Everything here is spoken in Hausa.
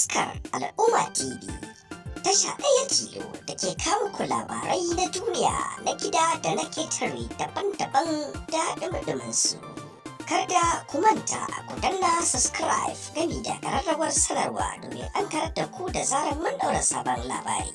taskar al'umma tv tasha ɗaya tilo da ke kawo ku labarai na duniya na gida da na ketare daban-daban da ɗumɗumin su kada ku manta a ku danna subscribe gami da ƙararrawar sanarwa domin an karar da ku da zarar mun ɗaura sabon labari